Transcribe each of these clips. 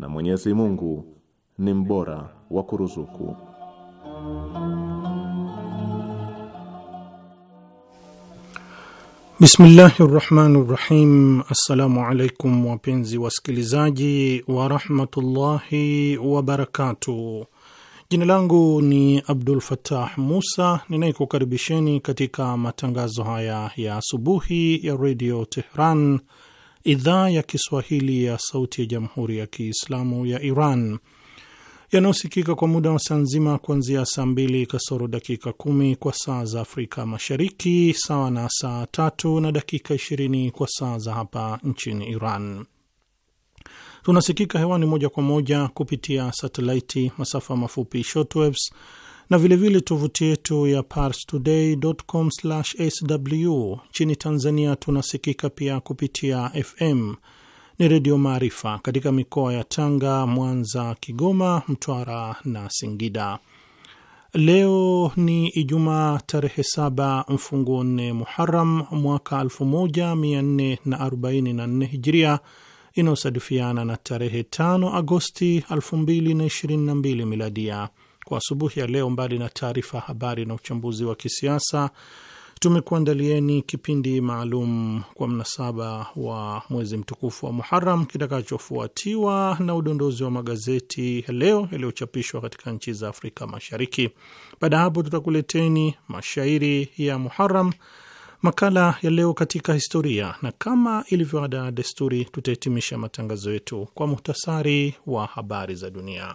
na Mwenyezi Mungu ni mbora wa kuruzuku. Bismillahi rahmani rahim. Assalamu alaikum wapenzi wasikilizaji warahmatullahi wabarakatuh. Jina langu ni Abdul Fattah Musa ninayekukaribisheni katika matangazo haya ya asubuhi ya redio Tehran idhaa ya Kiswahili ya Sauti ya Jamhuri ya Kiislamu ya Iran yanayosikika kwa muda wa saa nzima kuanzia saa mbili kasoro dakika kumi kwa saa za Afrika Mashariki, sawa na saa tatu na dakika ishirini kwa saa za hapa nchini Iran. Tunasikika hewani moja kwa moja kupitia satelaiti, masafa mafupi shortwaves na vilevile tovuti yetu ya parstoday.com/sw. Nchini Tanzania tunasikika pia kupitia FM ni Redio Maarifa katika mikoa ya Tanga, Mwanza, Kigoma, Mtwara na Singida. Leo ni Ijumaa tarehe saba mfungu nne Muharam mwaka 1444 Hijiria inayosadifiana na tarehe 5 Agosti 2022 Miladia kwa asubuhi ya leo, mbali na taarifa habari na uchambuzi wa kisiasa, tumekuandalieni kipindi maalum kwa mnasaba wa mwezi mtukufu wa Muharam kitakachofuatiwa na udondozi wa magazeti leo yaliyochapishwa katika nchi za Afrika Mashariki. Baada ya hapo, tutakuleteni mashairi ya Muharam, makala ya leo katika historia, na kama ilivyo ada desturi, tutahitimisha matangazo yetu kwa muhtasari wa habari za dunia.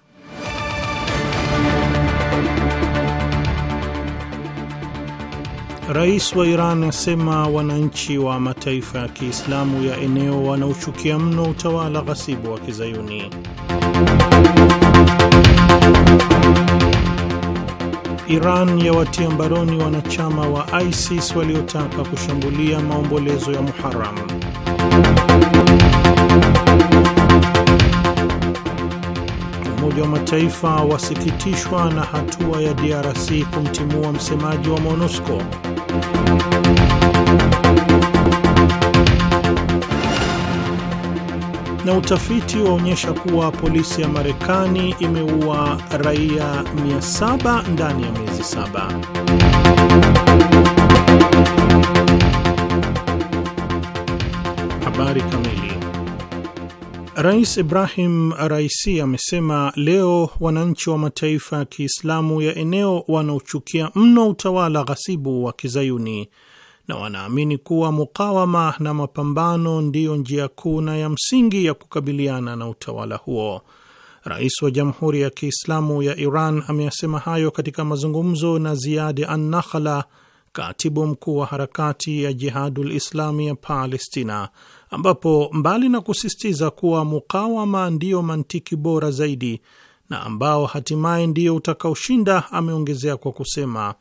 Rais wa Iran asema wananchi wa mataifa ya Kiislamu ya eneo wanaochukia mno utawala ghasibu wa Kizayuni. Iran yawatia mbaroni wanachama wa ISIS waliotaka kushambulia maombolezo ya Muharram. Umoja wa Mataifa wasikitishwa na hatua ya DRC kumtimua msemaji wa MONUSCO. Na utafiti waonyesha kuwa polisi ya Marekani imeua raia 700 ndani ya miezi saba. Habari kamili Rais Ibrahim Raisi amesema leo wananchi wa mataifa ya Kiislamu ya eneo wanaochukia mno utawala ghasibu wa Kizayuni na wanaamini kuwa mukawama na mapambano ndiyo njia kuu na ya msingi ya kukabiliana na utawala huo. Rais wa Jamhuri ya Kiislamu ya Iran ameyasema hayo katika mazungumzo na Ziadi Annakhala, katibu mkuu wa harakati ya Jihadul Islami ya Palestina ambapo mbali na kusisitiza kuwa mukawama ndiyo mantiki bora zaidi na ambao hatimaye ndiyo utakaoshinda, ameongezea kwa kusema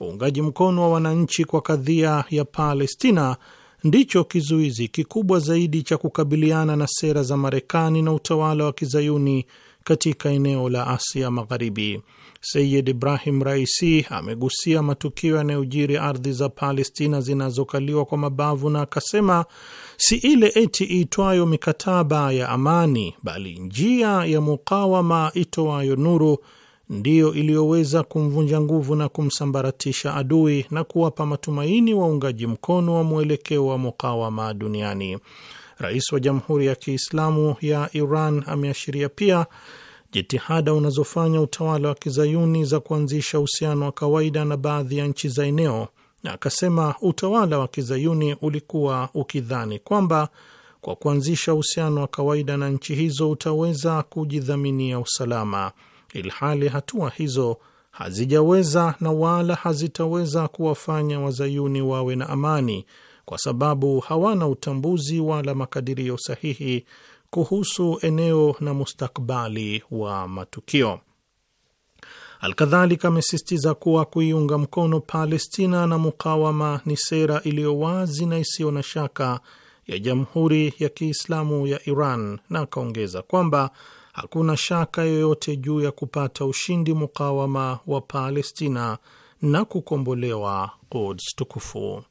uungaji mkono wa wananchi kwa kadhia ya Palestina ndicho kizuizi kikubwa zaidi cha kukabiliana na sera za Marekani na utawala wa kizayuni katika eneo la Asia Magharibi. Sayid Ibrahim Raisi amegusia matukio yanayojiri ardhi za Palestina zinazokaliwa kwa mabavu na akasema si ile eti iitwayo mikataba ya amani, bali njia ya mukawama itoayo nuru ndiyo iliyoweza kumvunja nguvu na kumsambaratisha adui na kuwapa matumaini waungaji mkono wa mwelekeo wa mukawama duniani. Rais wa Jamhuri ya Kiislamu ya Iran ameashiria pia jitihada unazofanya utawala wa kizayuni za kuanzisha uhusiano wa kawaida na baadhi ya nchi za eneo, na akasema utawala wa kizayuni ulikuwa ukidhani kwamba kwa kuanzisha uhusiano wa kawaida na nchi hizo utaweza kujidhaminia usalama, ilhali hatua hizo hazijaweza na wala hazitaweza kuwafanya wazayuni wawe na amani, kwa sababu hawana utambuzi wala makadirio sahihi kuhusu eneo na mustakbali wa matukio. Alkadhalika amesisitiza kuwa kuiunga mkono Palestina na mukawama ni sera iliyo wazi na isiyo na shaka ya Jamhuri ya Kiislamu ya Iran, na akaongeza kwamba hakuna shaka yoyote juu ya kupata ushindi mukawama wa Palestina na kukombolewa Quds tukufu.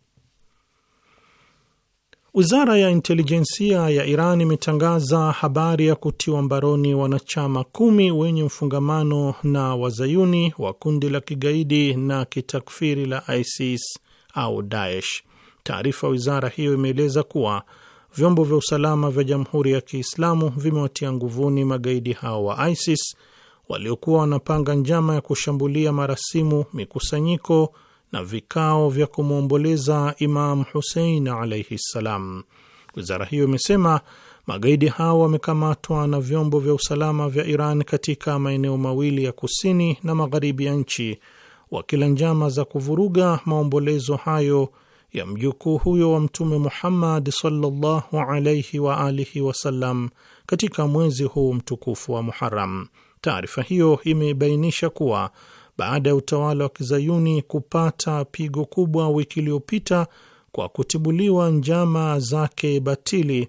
Wizara ya intelijensia ya Iran imetangaza habari ya kutiwa mbaroni wanachama kumi wenye mfungamano na wazayuni wa kundi la kigaidi na kitakfiri la ISIS au Daesh. Taarifa ya wizara hiyo imeeleza kuwa vyombo vya usalama vya Jamhuri ya Kiislamu vimewatia nguvuni magaidi hao wa ISIS waliokuwa wanapanga njama ya kushambulia marasimu, mikusanyiko na vikao vya kumwomboleza Imam Husein alaihi ssalam. Wizara hiyo imesema magaidi hao wamekamatwa na vyombo vya usalama vya Iran katika maeneo mawili ya kusini na magharibi ya nchi, wakila njama za kuvuruga maombolezo hayo ya mjukuu huyo wa Mtume Muhammad sallallahu alaihi wa alihi wasallam katika mwezi huu mtukufu wa Muharam. Taarifa hiyo imebainisha kuwa baada ya utawala wa kizayuni kupata pigo kubwa wiki iliyopita kwa kutibuliwa njama zake batili,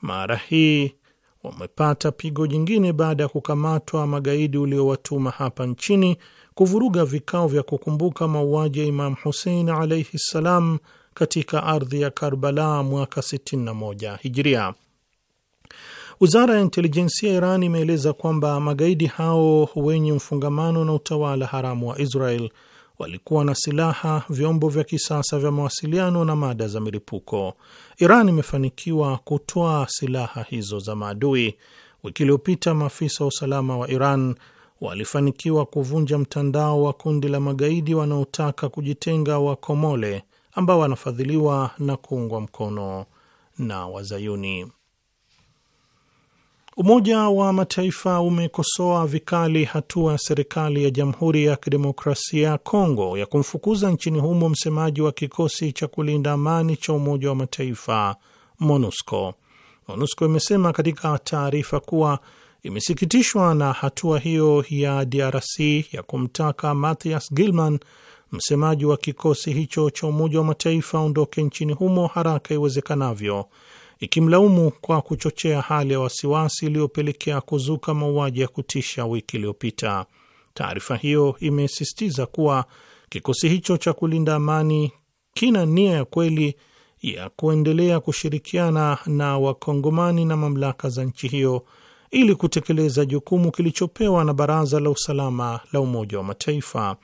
mara hii wamepata pigo jingine baada ya kukamatwa magaidi uliowatuma hapa nchini kuvuruga vikao vya kukumbuka mauaji ya Imam Husein alaihi ssalam katika ardhi ya Karbala mwaka 61 Hijiria. Wizara ya intelijensia ya Iran imeeleza kwamba magaidi hao wenye mfungamano na utawala haramu wa Israel walikuwa na silaha, vyombo vya kisasa vya mawasiliano na mada za milipuko. Iran imefanikiwa kutoa silaha hizo za maadui. Wiki iliyopita maafisa wa usalama wa Iran walifanikiwa kuvunja mtandao wa kundi la magaidi wanaotaka kujitenga wa Komole ambao wanafadhiliwa na kuungwa mkono na Wazayuni. Umoja wa Mataifa umekosoa vikali hatua ya serikali ya Jamhuri ya Kidemokrasia ya Kongo ya kumfukuza nchini humo msemaji wa kikosi cha kulinda amani cha Umoja wa Mataifa MONUSCO. MONUSCO imesema katika taarifa kuwa imesikitishwa na hatua hiyo ya DRC ya kumtaka Mathias Gilman, msemaji wa kikosi hicho cha Umoja wa Mataifa, aondoke nchini humo haraka iwezekanavyo ikimlaumu kwa kuchochea hali ya wasiwasi iliyopelekea kuzuka mauaji ya kutisha wiki iliyopita. Taarifa hiyo imesisitiza kuwa kikosi hicho cha kulinda amani kina nia ya kweli ya kuendelea kushirikiana na Wakongomani na mamlaka za nchi hiyo ili kutekeleza jukumu kilichopewa na Baraza la Usalama la Umoja wa Mataifa.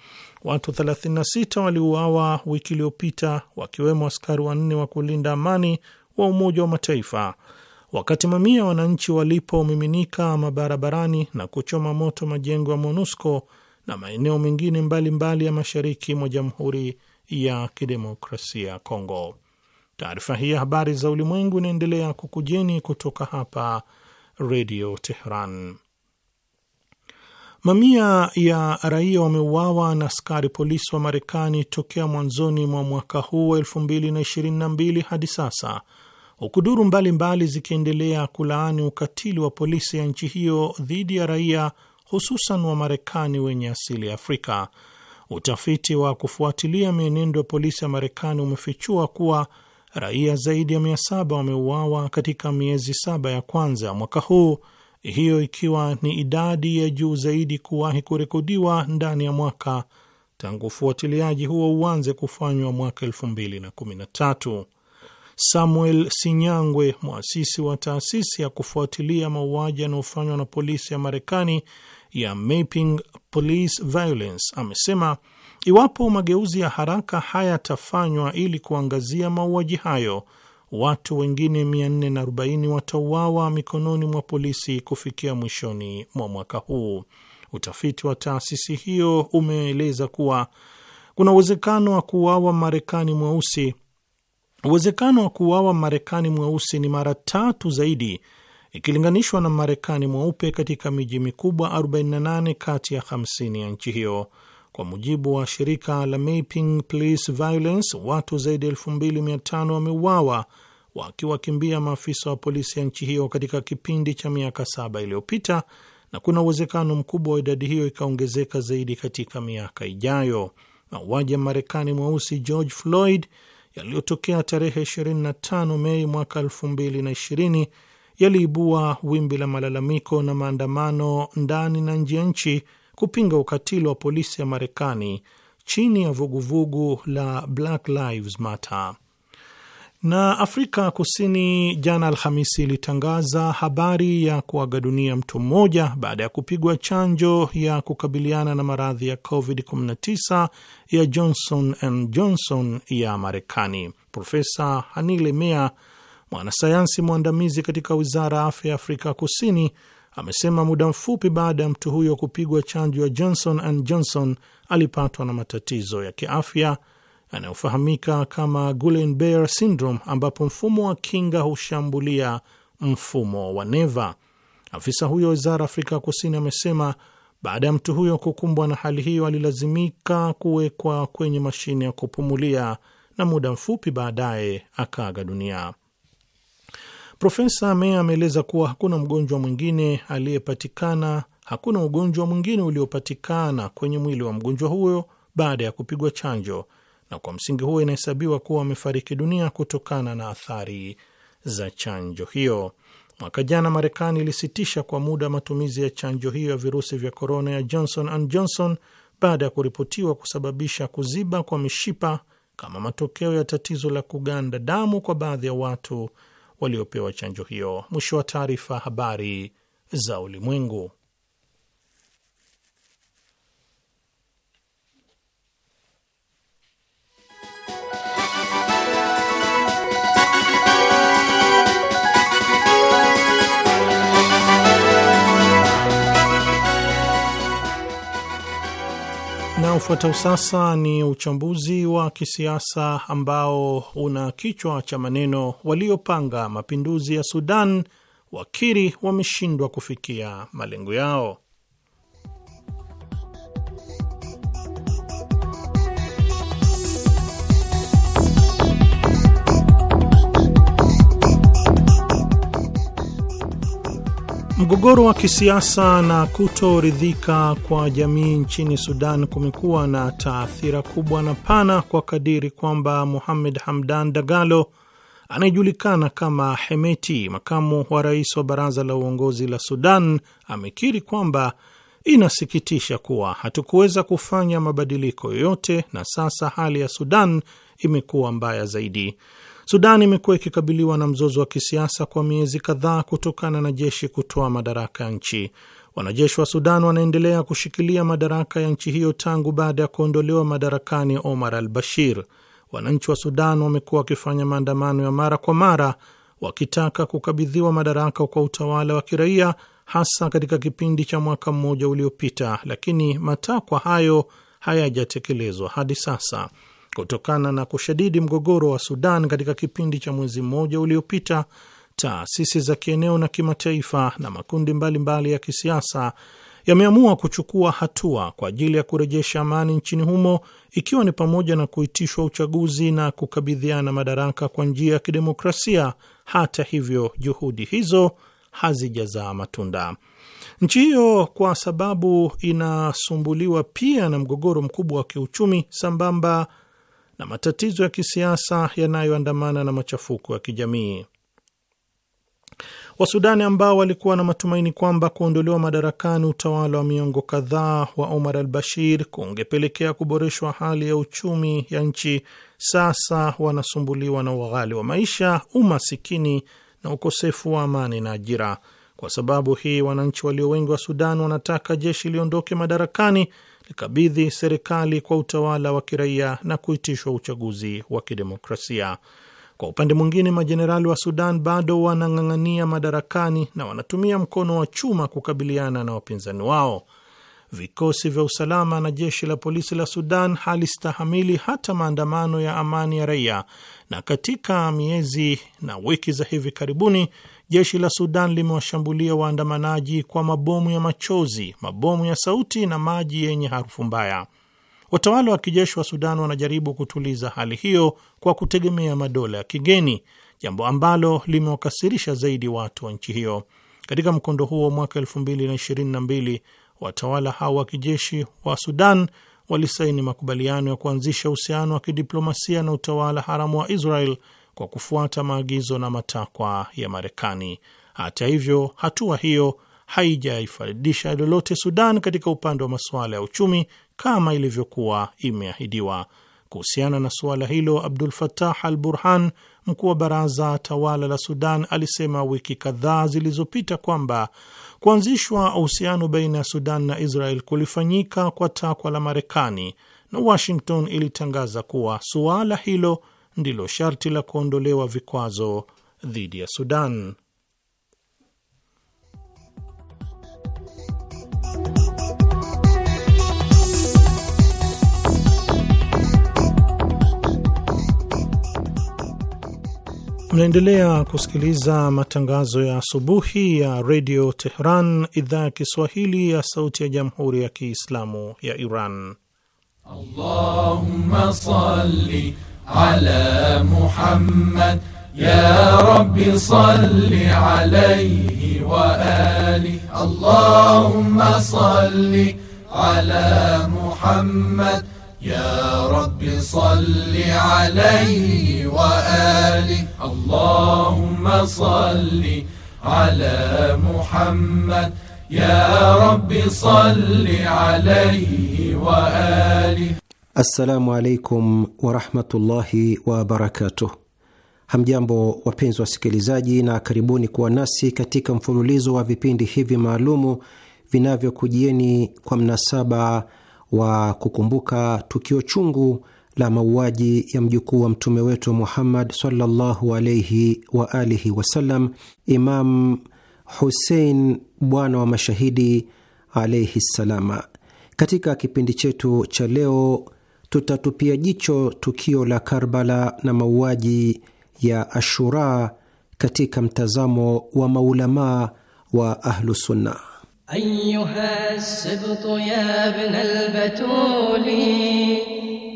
Watu 36 waliuawa wiki iliyopita, wakiwemo askari wanne wa kulinda amani wa Umoja wa Mataifa wakati mamia wananchi walipomiminika mabarabarani na kuchoma moto majengo ya MONUSCO na maeneo mengine mbalimbali ya mashariki mwa Jamhuri ya Kidemokrasia ya Kongo. Taarifa hii ya habari za ulimwengu inaendelea kukujeni kutoka hapa Redio Teheran. Mamia ya raia wameuawa na askari polisi wa Marekani tokea mwanzoni mwa mwaka huu wa 2022 hadi sasa huku duru mbalimbali zikiendelea kulaani ukatili wa polisi ya nchi hiyo dhidi ya raia hususan wa Marekani wenye asili ya Afrika. Utafiti wa kufuatilia mienendo ya polisi ya Marekani umefichua kuwa raia zaidi ya mia saba wameuawa katika miezi saba ya kwanza mwaka huu, hiyo ikiwa ni idadi ya juu zaidi kuwahi kurekodiwa ndani ya mwaka tangu ufuatiliaji huo uanze kufanywa mwaka elfu mbili na kumi na tatu. Samuel Sinyangwe, mwasisi wa taasisi ya kufuatilia mauaji yanayofanywa na polisi ya Marekani ya Mapping Police Violence, amesema iwapo mageuzi ya haraka hayatafanywa ili kuangazia mauaji hayo, watu wengine 440 watauawa mikononi mwa polisi kufikia mwishoni mwa mwaka huu. Utafiti wa taasisi hiyo umeeleza kuwa kuna uwezekano wa kuuawa Marekani mweusi Uwezekano wa kuuawa Marekani mweusi ni mara tatu zaidi ikilinganishwa na Marekani mweupe katika miji mikubwa 48 kati ya 50 ya nchi hiyo. Kwa mujibu wa shirika la Mapping Police Violence, watu zaidi ya 2500 wameuawa wakiwakimbia maafisa wa polisi ya nchi hiyo katika kipindi cha miaka saba iliyopita, na kuna uwezekano mkubwa wa idadi hiyo ikaongezeka zaidi katika miaka ijayo. Mauaji ya Marekani mweusi George Floyd yaliyotokea tarehe 25 Mei mwaka 2020 yaliibua wimbi la malalamiko na maandamano ndani na nje ya nchi kupinga ukatili wa polisi ya Marekani chini ya vuguvugu la Black Lives Matter. Na Afrika Kusini jana Alhamisi ilitangaza habari ya kuaga dunia mtu mmoja baada ya kupigwa chanjo ya kukabiliana na maradhi ya COVID-19 ya Johnson and Johnson ya Marekani. Profesa Hanile Mea, mwanasayansi mwandamizi katika wizara ya afya ya Afrika Kusini, amesema muda mfupi baada ya mtu huyo kupigwa chanjo ya Johnson and Johnson alipatwa na matatizo ya kiafya anayofahamika kama Guillain-Barre syndrome, ambapo mfumo wa kinga hushambulia mfumo wa neva. Afisa huyo wizara Afrika Kusini amesema baada ya mtu huyo kukumbwa na hali hiyo alilazimika kuwekwa kwenye mashine ya kupumulia na muda mfupi baadaye akaaga dunia. Profesa Mea ameeleza kuwa hakuna mgonjwa mwingine aliyepatikana, hakuna ugonjwa mwingine uliopatikana kwenye mwili wa mgonjwa huyo baada ya kupigwa chanjo, na kwa msingi huo inahesabiwa kuwa wamefariki dunia kutokana na athari za chanjo hiyo. Mwaka jana Marekani ilisitisha kwa muda matumizi ya chanjo hiyo ya virusi vya korona ya Johnson and Johnson baada ya kuripotiwa kusababisha kuziba kwa mishipa kama matokeo ya tatizo la kuganda damu kwa baadhi ya watu waliopewa chanjo hiyo. Mwisho wa taarifa. Habari za Ulimwengu. unaofuata sasa ni uchambuzi wa kisiasa ambao una kichwa cha maneno waliopanga mapinduzi ya Sudan wakiri wameshindwa kufikia malengo yao. Mgogoro wa kisiasa na kutoridhika kwa jamii nchini Sudan kumekuwa na taathira kubwa na pana kwa kadiri kwamba Muhamed Hamdan Dagalo anayejulikana kama Hemeti, makamu wa rais wa baraza la uongozi la Sudan, amekiri kwamba inasikitisha kuwa hatukuweza kufanya mabadiliko yoyote na sasa hali ya Sudan imekuwa mbaya zaidi. Sudan imekuwa ikikabiliwa na mzozo wa kisiasa kwa miezi kadhaa kutokana na jeshi kutoa madaraka ya nchi. Wanajeshi wa Sudan wanaendelea kushikilia madaraka ya nchi hiyo tangu baada ya kuondolewa madarakani Omar al Bashir. Wananchi wa Sudan wamekuwa wakifanya maandamano ya mara kwa mara wakitaka kukabidhiwa madaraka kwa utawala wa kiraia, hasa katika kipindi cha mwaka mmoja uliopita, lakini matakwa hayo hayajatekelezwa hadi sasa. Kutokana na kushadidi mgogoro wa Sudan katika kipindi cha mwezi mmoja uliopita, taasisi za kieneo na kimataifa na makundi mbalimbali mbali ya kisiasa yameamua kuchukua hatua kwa ajili ya kurejesha amani nchini humo, ikiwa ni pamoja na kuitishwa uchaguzi na kukabidhiana madaraka kwa njia ya kidemokrasia. Hata hivyo, juhudi hizo hazijazaa matunda. Nchi hiyo kwa sababu inasumbuliwa pia na mgogoro mkubwa wa kiuchumi sambamba na matatizo ya kisiasa yanayoandamana na machafuko ya kijamii. Wasudani ambao walikuwa na matumaini kwamba kuondolewa madarakani utawala wa miongo kadhaa wa Omar al Bashir kungepelekea kuboreshwa hali ya uchumi ya nchi, sasa wanasumbuliwa na ughali wa maisha, umasikini na ukosefu wa amani na ajira. Kwa sababu hii, wananchi walio wengi wa Sudan wanataka jeshi liondoke madarakani likabidhi serikali kwa utawala wa kiraia na kuitishwa uchaguzi wa kidemokrasia. Kwa upande mwingine, majenerali wa Sudan bado wanang'ang'ania madarakani na wanatumia mkono wa chuma kukabiliana na wapinzani wao. Vikosi vya usalama na jeshi la polisi la Sudan halistahamili hata maandamano ya amani ya raia, na katika miezi na wiki za hivi karibuni jeshi la Sudan limewashambulia waandamanaji kwa mabomu ya machozi, mabomu ya sauti na maji yenye harufu mbaya. Watawala wa kijeshi wa Sudan wanajaribu kutuliza hali hiyo kwa kutegemea madola ya kigeni, jambo ambalo limewakasirisha zaidi watu wa nchi hiyo. Katika mkondo huo, mwaka 2022 watawala hao wa kijeshi wa Sudan walisaini makubaliano ya kuanzisha uhusiano wa kidiplomasia na utawala haramu wa Israel kwa kufuata maagizo na matakwa ya Marekani. Hata hivyo, hatua hiyo haijaifaidisha lolote Sudan katika upande wa masuala ya uchumi kama ilivyokuwa imeahidiwa. Kuhusiana na suala hilo, Abdul fatah al Burhan, mkuu wa baraza tawala la Sudan, alisema wiki kadhaa zilizopita kwamba kuanzishwa uhusiano baina ya Sudan na Israel kulifanyika kwa takwa la Marekani na Washington ilitangaza kuwa suala hilo ndilo sharti la kuondolewa vikwazo dhidi ya Sudan. Mnaendelea kusikiliza matangazo ya asubuhi ya redio Tehran, idhaa ya Kiswahili ya sauti ya jamhuri ya kiislamu ya Iran. Allahumma salli على محمد يا رب صل عليه وآله اللهم صل على محمد يا رب صل عليه وآله اللهم صل على محمد يا رب صل عليه وآله Assalamu alaikum warahmatullahi wabarakatuh. Hamjambo wapenzi wasikilizaji, na karibuni kuwa nasi katika mfululizo wa vipindi hivi maalumu vinavyokujieni kwa mnasaba wa kukumbuka tukio chungu la mauaji ya mjukuu wa mtume wetu Muhammad sallallahu alaihi wa alihi wasallam, Imam Husein bwana wa mashahidi alaihi ssalama. Katika kipindi chetu cha leo tutatupia jicho tukio la Karbala na mauaji ya Ashura katika mtazamo wa maulamaa wa Ahlusunna. Ayuha sibtu ya ibn albatuli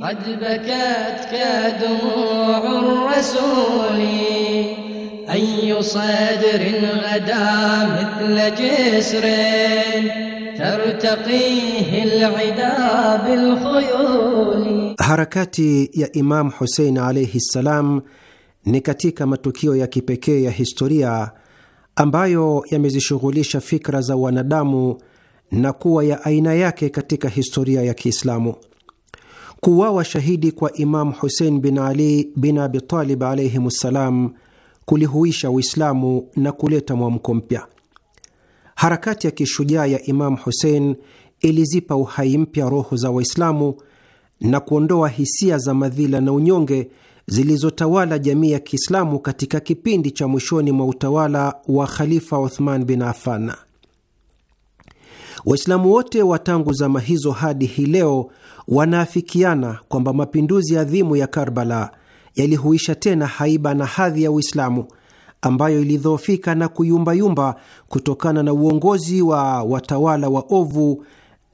qad bakatka dumuu rasuli ayu sadrin ghada mithla jisrin Harakati ya Imam Husein alaihi ssalam ni katika matukio ya kipekee ya historia ambayo yamezishughulisha fikra za wanadamu na kuwa ya aina yake katika historia ya Kiislamu. Kuwawa shahidi kwa Imamu Husein bin Ali bin Abitalib alaihim ssalam kulihuisha Uislamu na kuleta mwamko mpya. Harakati ya kishujaa ya Imamu Husein ilizipa uhai mpya roho za Waislamu na kuondoa hisia za madhila na unyonge zilizotawala jamii ya Kiislamu katika kipindi cha mwishoni mwa utawala wa Khalifa Uthman bin Affan. Waislamu wote wa tangu zama hizo hadi hii leo wanaafikiana kwamba mapinduzi adhimu ya Karbala yalihuisha tena haiba na hadhi ya Uislamu ambayo ilidhoofika na kuyumbayumba kutokana na uongozi wa watawala wa ovu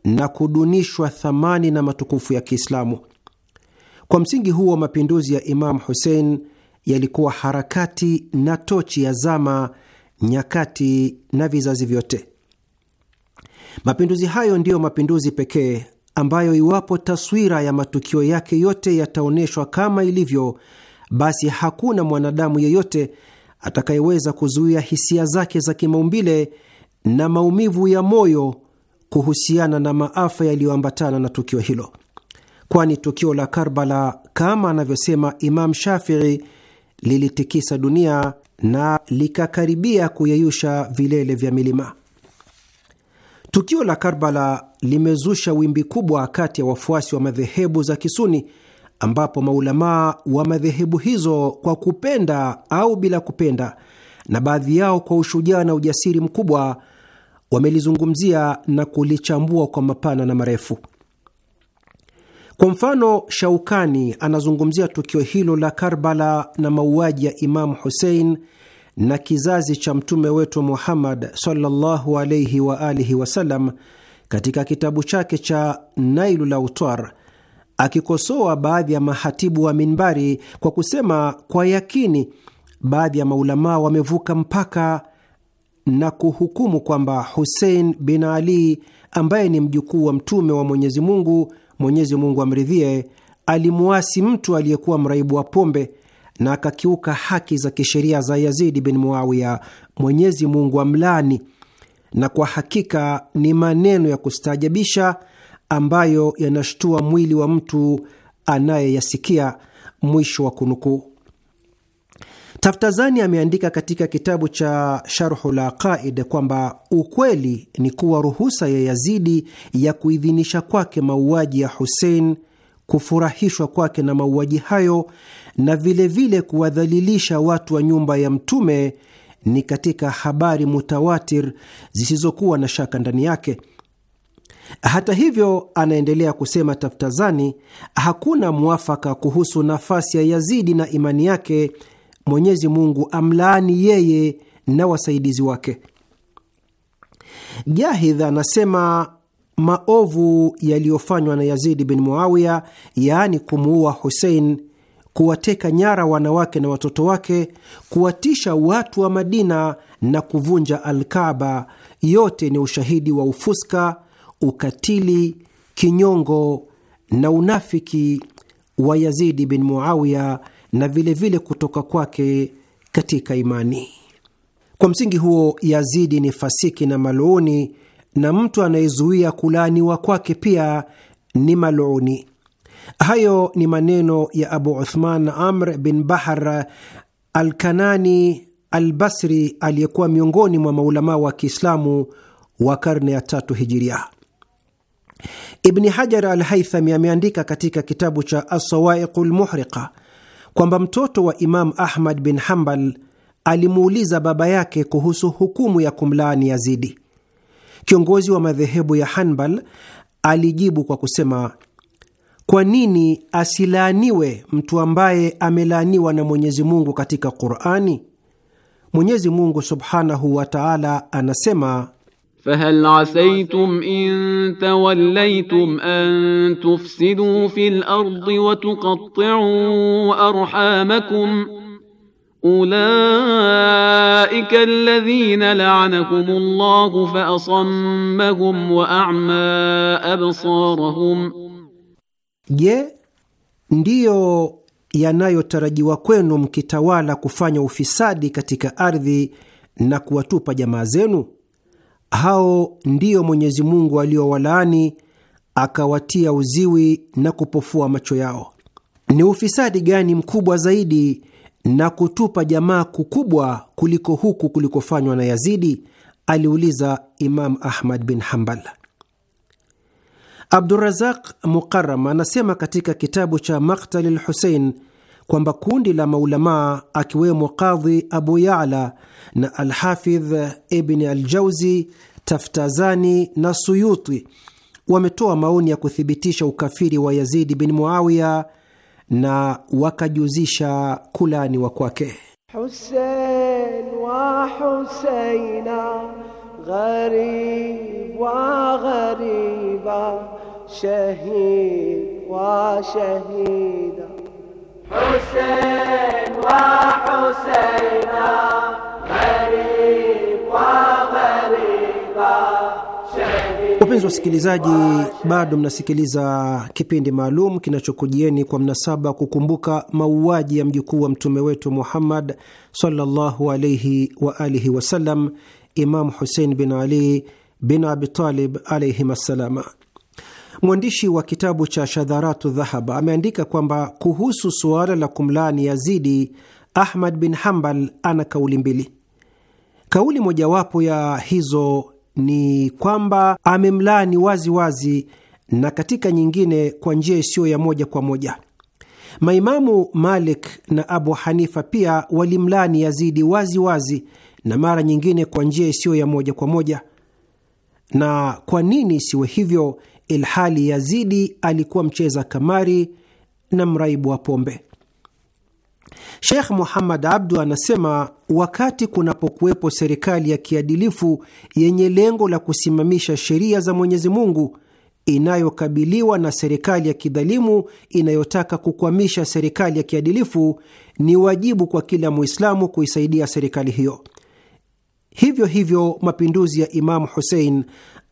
na kudunishwa thamani na matukufu ya Kiislamu. Kwa msingi huo, mapinduzi ya Imamu Husein yalikuwa harakati na tochi ya zama, nyakati na vizazi vyote. Mapinduzi hayo ndiyo mapinduzi pekee ambayo iwapo taswira ya matukio yake yote yataonyeshwa kama ilivyo, basi hakuna mwanadamu yeyote atakayeweza kuzuia hisia zake za kimaumbile na maumivu ya moyo kuhusiana na maafa yaliyoambatana na tukio hilo, kwani tukio la Karbala, kama anavyosema Imam Shafii, lilitikisa dunia na likakaribia kuyeyusha vilele vya milima. Tukio la Karbala limezusha wimbi kubwa kati ya wafuasi wa madhehebu za Kisuni ambapo maulamaa wa madhehebu hizo kwa kupenda au bila kupenda, na baadhi yao kwa ushujaa na ujasiri mkubwa, wamelizungumzia na kulichambua kwa mapana na marefu. Kwa mfano, Shaukani anazungumzia tukio hilo la Karbala na mauaji ya Imamu Husein na kizazi cha mtume wetu Muhammad sallallahu alaihi wa alihi wasallam katika kitabu chake cha Nailul Autar akikosoa baadhi ya mahatibu wa minbari kwa kusema, kwa yakini baadhi ya maulamaa wamevuka mpaka na kuhukumu kwamba Husein bin Ali ambaye ni mjukuu wa mtume wa Mwenyezi Mungu, Mwenyezi Mungu amridhie, alimuasi mtu aliyekuwa mraibu wa pombe na akakiuka haki za kisheria za Yazidi bin Muawiya, Mwenyezi Mungu amlani, na kwa hakika ni maneno ya kustaajabisha ambayo yanashtua mwili wa mtu anayeyasikia. Mwisho wa kunukuu. Taftazani ameandika katika kitabu cha Sharhul Aqaid kwamba ukweli ni kuwa ruhusa ya Yazidi ya kuidhinisha kwake mauaji ya Husein, kufurahishwa kwake na mauaji hayo na vilevile kuwadhalilisha watu wa nyumba ya Mtume ni katika habari mutawatir zisizokuwa na shaka ndani yake hata hivyo, anaendelea kusema Taftazani, hakuna mwafaka kuhusu nafasi ya Yazidi na imani yake. Mwenyezi Mungu amlaani yeye na wasaidizi wake. Jahidh anasema maovu yaliyofanywa na Yazidi bin Muawiya, yaani kumuua Husein, kuwateka nyara wanawake na watoto wake, kuwatisha watu wa Madina na kuvunja Alkaba, yote ni ushahidi wa ufuska ukatili, kinyongo na unafiki wa Yazidi bin Muawiya na vilevile vile kutoka kwake katika imani. Kwa msingi huo, Yazidi ni fasiki na maluni, na mtu anayezuia kulaaniwa kwake pia ni maluni. Hayo ni maneno ya Abu Uthman Amr bin Bahar Alkanani Albasri aliyekuwa miongoni mwa maulamaa wa Kiislamu wa karne ya tatu hijiria. Ibni Hajar al Haithami ameandika katika kitabu cha Assawaiqu lmuhriqa kwamba mtoto wa Imamu Ahmad bin Hambal alimuuliza baba yake kuhusu hukumu ya kumlaani Yazidi. Kiongozi wa madhehebu ya Hanbal alijibu kwa kusema, kwa nini asilaaniwe mtu ambaye amelaaniwa na Mwenyezi Mungu katika Qurani? Mwenyezi Mungu subhanahu wa taala anasema فهل عسيتم إن توليتم أن تفسدوا في الأرض وتقطعوا أرحامكم أولئك الذين لعنكم الله فأصمهم وأعمى أبصارهم Je, ndiyo yanayotarajiwa kwenu mkitawala kufanya ufisadi katika ardhi na kuwatupa jamaa zenu? Hao ndiyo Mwenyezi Mungu aliowalaani akawatia uziwi na kupofua macho yao. Ni ufisadi gani mkubwa zaidi na kutupa jamaa kukubwa kuliko huku kulikofanywa na Yazidi? aliuliza Imam Ahmad bin hambal Abdurazaq muqarama anasema katika kitabu cha Maktal lhusein kwamba kundi la maulamaa akiwemo Qadhi Abu Yala na Alhafidh Ibni Aljauzi, Taftazani na Suyuti wametoa maoni ya kuthibitisha ukafiri wa Yazidi bin Muawiya na wakajuzisha kulani kwake. Husein wa Huseina, gharib wa ghariba, shahid wa shahida Wapenzi wasikilizaji, bado mnasikiliza kipindi maalum kinachokujieni kwa mnasaba kukumbuka mauaji ya mjukuu wa mtume wetu Muhammad sallallahu alaihi wa alihi wasallam, Imamu Husein bin Ali bin Abitalib alaihim assalama. Mwandishi wa kitabu cha Shadharatu Dhahab ameandika kwamba kuhusu suala la kumlaani Yazidi, Ahmad bin Hambal ana kauli mbili. Kauli mojawapo ya hizo ni kwamba amemlaani wazi wazi, na katika nyingine kwa njia isiyo ya moja kwa moja. Maimamu Malik na Abu Hanifa pia walimlaani Yazidi wazi wazi na mara nyingine kwa njia isiyo ya moja kwa moja. Na kwa nini isiwe hivyo? ilhali Yazidi alikuwa mcheza kamari na mraibu wa pombe. Sheikh Muhammad Abdu anasema wakati kunapokuwepo serikali ya kiadilifu yenye lengo la kusimamisha sheria za Mwenyezi Mungu inayokabiliwa na serikali ya kidhalimu inayotaka kukwamisha serikali ya kiadilifu, ni wajibu kwa kila Muislamu kuisaidia serikali hiyo. Hivyo hivyo mapinduzi ya Imamu Husein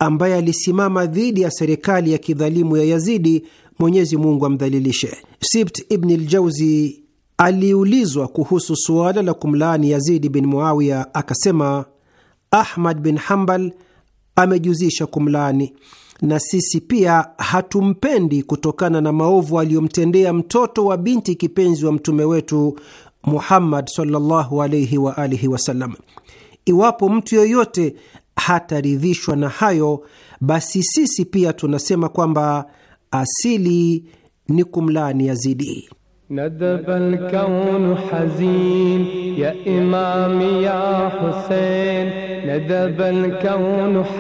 ambaye alisimama dhidi ya serikali ya kidhalimu ya Yazidi, Mwenyezi Mungu amdhalilishe. Sibt Ibn Ljauzi aliulizwa kuhusu suala la kumlaani Yazidi bin Muawiya, akasema Ahmad bin Hambal amejuzisha kumlaani na sisi pia hatumpendi kutokana na maovu aliyomtendea mtoto wa binti kipenzi wa mtume wetu Muhammad sallallahu alaihi wa alihi wasallam. Iwapo mtu yoyote hataridhishwa na hayo, basi sisi pia tunasema kwamba asili ni kumlani Yazidi. hazin ya imami ya Husein,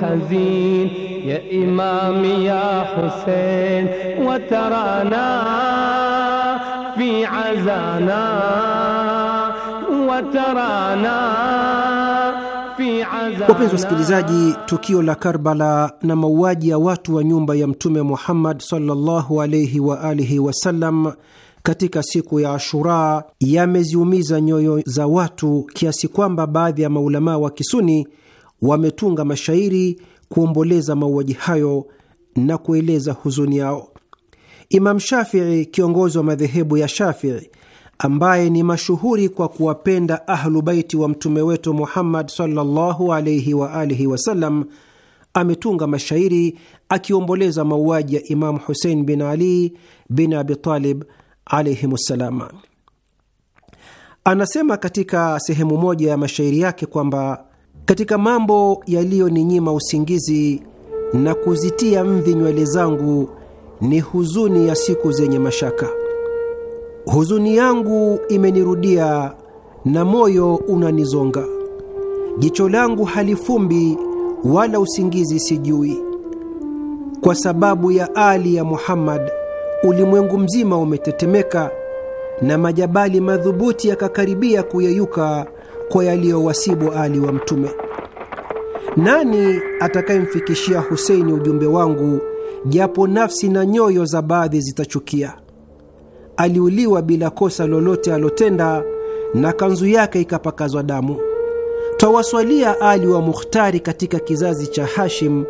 hazin ya imami ya Husein, watarana fi azana watarana Wapenzi wasikilizaji, tukio la Karbala na mauaji ya watu wa nyumba ya Mtume Muhammad sallallahu alaihi wa alihi wasallam katika siku ya Ashura yameziumiza nyoyo za watu kiasi kwamba baadhi ya maulamaa wa Kisuni wametunga mashairi kuomboleza mauaji hayo na kueleza huzuni yao. Imam Shafii, kiongozi wa madhehebu ya Shafii, ambaye ni mashuhuri kwa kuwapenda Ahlu Baiti wa mtume wetu Muhammad sallallahu alaihi wa alihi wasallam, ametunga mashairi akiomboleza mauaji ya Imamu Husein bin Ali bin Abitalib alaihimussalama. Anasema katika sehemu moja ya mashairi yake kwamba katika mambo yaliyoninyima usingizi na kuzitia mvi nywele zangu ni huzuni ya siku zenye mashaka Huzuni yangu imenirudia na moyo unanizonga, jicho langu halifumbi wala usingizi sijui. Kwa sababu ya Ali ya Muhammad, ulimwengu mzima umetetemeka na majabali madhubuti yakakaribia kuyeyuka kwa yaliyowasibu Ali wa Mtume. Nani atakayemfikishia Huseini ujumbe wangu, japo nafsi na nyoyo za baadhi zitachukia? aliuliwa bila kosa lolote alotenda na kanzu yake ikapakazwa damu. Twawaswalia Ali wa Mukhtari katika kizazi cha Hashim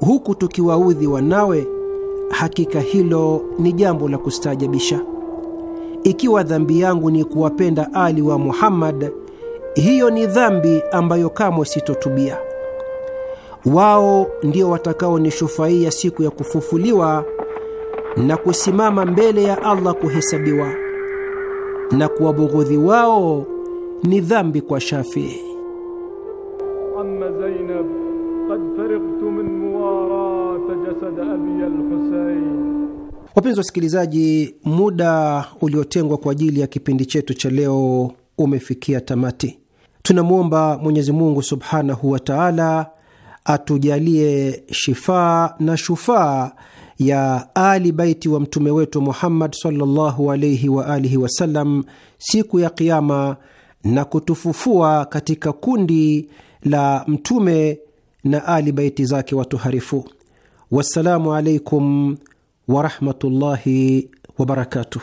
huku tukiwaudhi wanawe. Hakika hilo ni jambo la kustaajabisha. Ikiwa dhambi yangu ni kuwapenda Ali wa Muhammad, hiyo ni dhambi ambayo kamwe sitotubia. Wao ndio watakaonishufaia siku ya kufufuliwa na kusimama mbele ya Allah kuhesabiwa, na kuwabughudhi wao ni dhambi kwa Shafii. Amma Zainab qad farigtu min muwarat jasad abi al-Husayn. Wapenzi wasikilizaji, muda uliotengwa kwa ajili ya kipindi chetu cha leo umefikia tamati. Tunamwomba Mwenyezi Mungu subhanahu wa taala atujalie shifaa na shufaa ya Ali Baiti wa mtume wetu Muhammad sallallahu alaihi wa alihi wasallam siku ya Kiama na kutufufua katika kundi la mtume na Ali Baiti zake watuharifu. Wassalamu alaikum warahmatullahi wabarakatuh.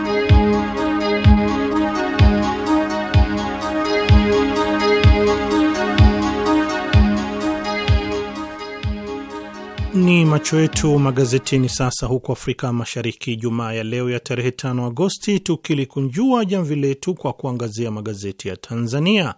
ni macho yetu magazetini sasa, huko Afrika Mashariki, Jumaa ya leo ya tarehe 5 Agosti, tukilikunjua jamvi letu kwa kuangazia magazeti ya Tanzania.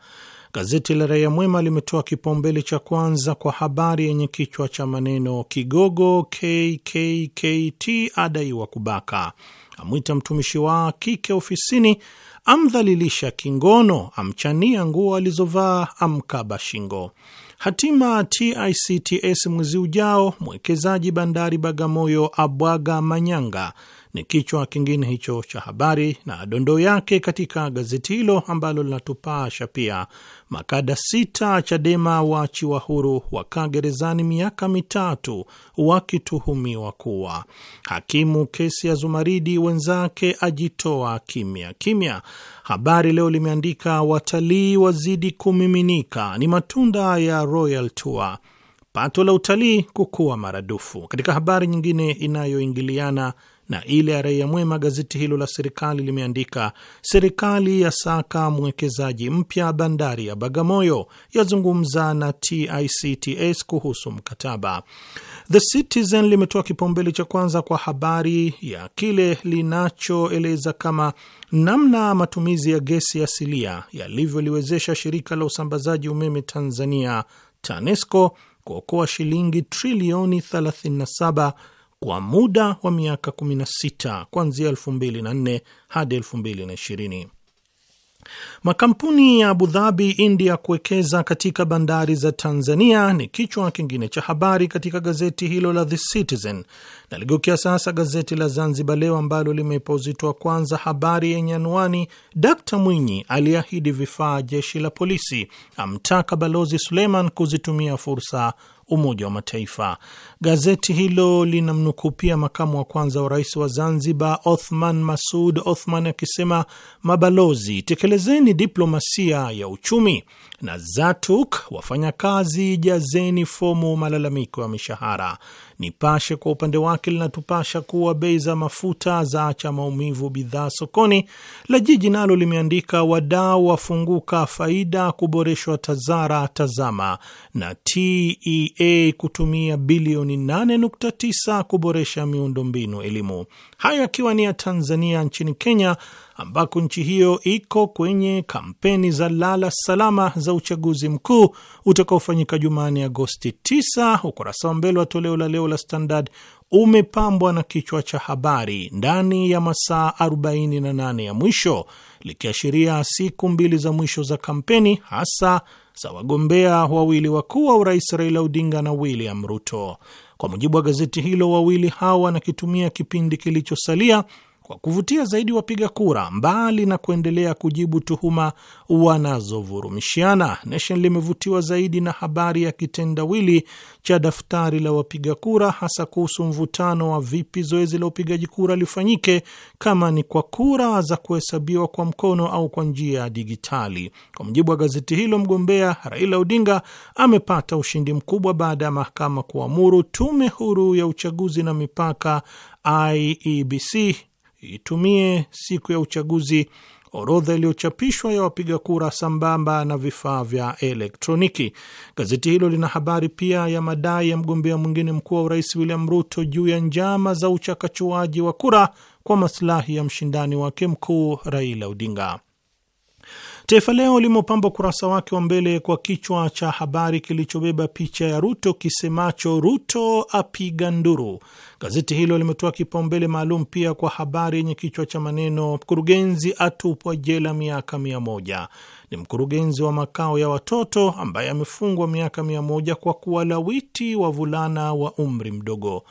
Gazeti la Raia Mwema limetoa kipaumbele cha kwanza kwa habari yenye kichwa cha maneno kigogo KKKT adaiwa kubaka, amwita mtumishi wa kike ofisini, amdhalilisha kingono, amchania nguo alizovaa, amkaba shingo. Hatima TICTS mwezi ujao, mwekezaji bandari Bagamoyo abwaga manyanga, ni kichwa kingine hicho cha habari na dondoo yake katika gazeti hilo ambalo linatupasha pia makada sita Chadema waachiwa huru, wakaa gerezani miaka mitatu wakituhumiwa kuwa. Hakimu kesi ya Zumaridi wenzake ajitoa kimya kimya. Habari Leo limeandika watalii wazidi kumiminika, ni matunda ya Royal Tour, pato la utalii kukua maradufu. Katika habari nyingine inayoingiliana na ile ya Raia Mwema, gazeti hilo la serikali limeandika serikali ya saka mwekezaji mpya bandari ya Bagamoyo, yazungumza na TICTS kuhusu mkataba. The Citizen limetoa kipaumbele cha kwanza kwa habari ya kile linachoeleza kama namna matumizi ya gesi asilia yalivyoliwezesha shirika la usambazaji umeme Tanzania TANESCO kuokoa shilingi trilioni 37 kwa muda wa miaka 16 kuanzia 2004 hadi 2020. Makampuni ya Abu Dhabi, India kuwekeza katika bandari za Tanzania ni kichwa kingine cha habari katika gazeti hilo la The Citizen. Naligeukia sasa gazeti la Zanzibar Leo ambalo limeipa uzito wa kwanza habari yenye anwani, Dkt Mwinyi aliahidi vifaa jeshi la polisi, amtaka Balozi Suleiman kuzitumia fursa Umoja wa Mataifa. Gazeti hilo linamnukuu pia makamu wa kwanza wa rais wa Zanzibar Othman Masud Othman akisema, mabalozi, tekelezeni diplomasia ya uchumi na Zatuk, wafanyakazi jazeni fomu malalamiko ya mishahara. Nipashe kwa upande wake linatupasha kuwa bei za mafuta za acha maumivu bidhaa sokoni. La Jiji nalo limeandika wadau wafunguka faida kuboreshwa TAZARA, TAZAMA na TEA kutumia bilioni 8.9 kuboresha miundombinu elimu. Hayo akiwa ni ya Tanzania. Nchini Kenya ambako nchi hiyo iko kwenye kampeni za lala salama za uchaguzi mkuu utakaofanyika Jumani, Agosti 9. Ukurasa wa mbele wa toleo la leo la Standard umepambwa na kichwa cha habari ndani ya masaa 48 ya mwisho, likiashiria siku mbili za mwisho za kampeni, hasa za wagombea wawili wakuu wa urais Raila Odinga na William Ruto. Kwa mujibu wa gazeti hilo, wawili hawa wanakitumia kipindi kilichosalia kwa kuvutia zaidi wapiga kura, mbali na kuendelea kujibu tuhuma wanazovurumishiana. Nation limevutiwa zaidi na habari ya kitendawili cha daftari la wapiga kura, hasa kuhusu mvutano wa vipi zoezi la upigaji kura lifanyike, kama ni kwa kura za kuhesabiwa kwa mkono au kwa njia ya digitali. Kwa mujibu wa gazeti hilo, mgombea Raila Odinga amepata ushindi mkubwa baada ya mahakama kuamuru tume huru ya uchaguzi na mipaka IEBC itumie siku ya uchaguzi orodha iliyochapishwa ya wapiga kura sambamba na vifaa vya elektroniki. Gazeti hilo lina habari pia ya madai ya mgombea mwingine mkuu wa urais William Ruto juu ya njama za uchakachuaji wa kura kwa masilahi ya mshindani wake mkuu Raila Odinga. Taifa Leo limeupamba ukurasa wake wa mbele kwa kichwa cha habari kilichobeba picha ya Ruto kisemacho Ruto apiga nduru. Gazeti hilo limetoa kipaumbele maalum pia kwa habari yenye kichwa cha maneno mkurugenzi atupwa jela miaka mia moja. Ni mkurugenzi wa makao ya watoto ambaye amefungwa miaka mia moja kwa kuwalawiti wavulana wa umri mdogo.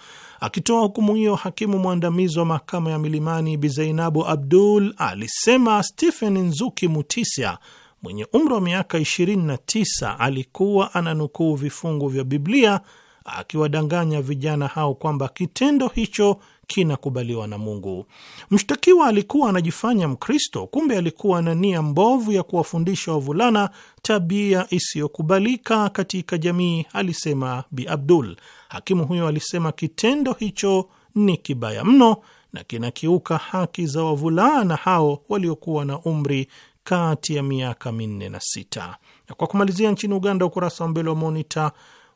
Akitoa hukumu hiyo, hakimu mwandamizi wa mahakama ya Milimani Bi Zainabu Abdul alisema Stephen Nzuki Mutisya mwenye umri wa miaka 29 alikuwa ananukuu vifungu vya Biblia akiwadanganya vijana hao kwamba kitendo hicho kinakubaliwa na Mungu. Mshtakiwa alikuwa anajifanya Mkristo, kumbe alikuwa na nia mbovu ya kuwafundisha wavulana tabia isiyokubalika katika jamii, alisema Bi Abdul. Hakimu huyo alisema kitendo hicho ni kibaya mno na kinakiuka haki za wavulana hao waliokuwa na umri kati ya miaka minne na sita. Na kwa kumalizia, nchini Uganda, ukurasa wa mbele wa Monita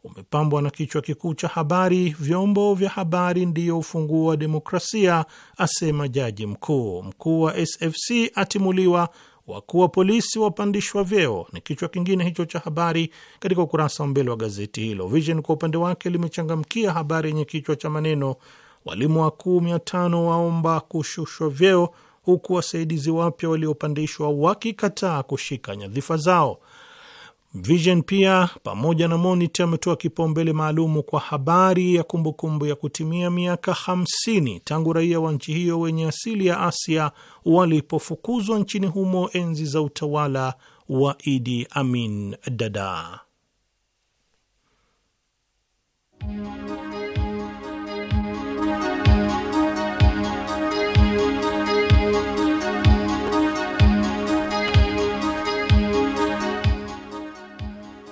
umepambwa na kichwa kikuu cha habari, vyombo vya habari ndiyo ufunguo wa demokrasia, asema jaji mkuu. Mkuu wa SFC atimuliwa, wakuu wa polisi wapandishwa vyeo, ni kichwa kingine hicho cha habari katika ukurasa wa mbele wa gazeti hilo. Vision kwa upande wake limechangamkia habari yenye kichwa cha maneno, walimu wakuu mia tano waomba kushushwa vyeo, huku wasaidizi wapya waliopandishwa wakikataa kushika nyadhifa zao. Vision pia pamoja na Monitor ametoa kipaumbele maalumu kwa habari ya kumbukumbu kumbu ya kutimia miaka 50 tangu raia wa nchi hiyo wenye asili ya Asia walipofukuzwa nchini humo enzi za utawala wa Idi Amin Dada.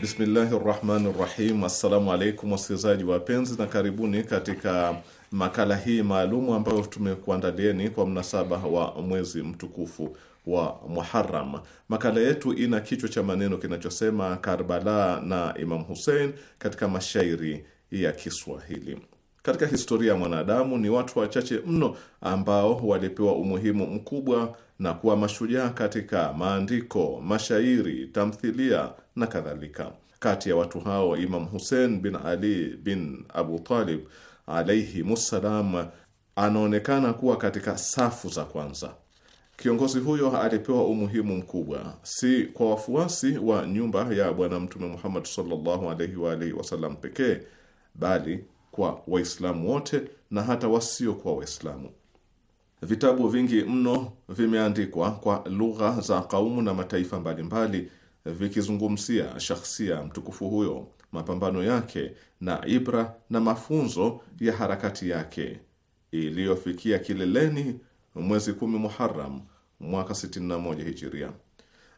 Bismillahi rahmani rahim. Assalamu alaikum wasikilizaji wapenzi, na karibuni katika makala hii maalumu ambayo tumekuandalieni kwa mnasaba wa mwezi mtukufu wa Muharram. Makala yetu ina kichwa cha maneno kinachosema Karbala na Imam Hussein katika mashairi ya Kiswahili. Katika historia ya mwanadamu, ni watu wachache mno ambao walipewa umuhimu mkubwa na kuwa mashujaa katika maandiko, mashairi, tamthilia na kadhalika. Kati ya watu hao Imam Hussein bin Ali bin Abu Talib alaihimussalam anaonekana kuwa katika safu za kwanza. Kiongozi huyo alipewa umuhimu mkubwa si kwa wafuasi wa nyumba ya Bwana Mtume Muhammad sallallahu wa alihi wasallam pekee, bali kwa Waislamu wote na hata wasiokuwa Waislamu. Vitabu vingi mno vimeandikwa kwa lugha za kaumu na mataifa mbalimbali vikizungumzia shakhsia mtukufu huyo, mapambano yake na ibra na mafunzo ya harakati yake iliyofikia kileleni mwezi kumi Muharram mwaka 61 Hijiria.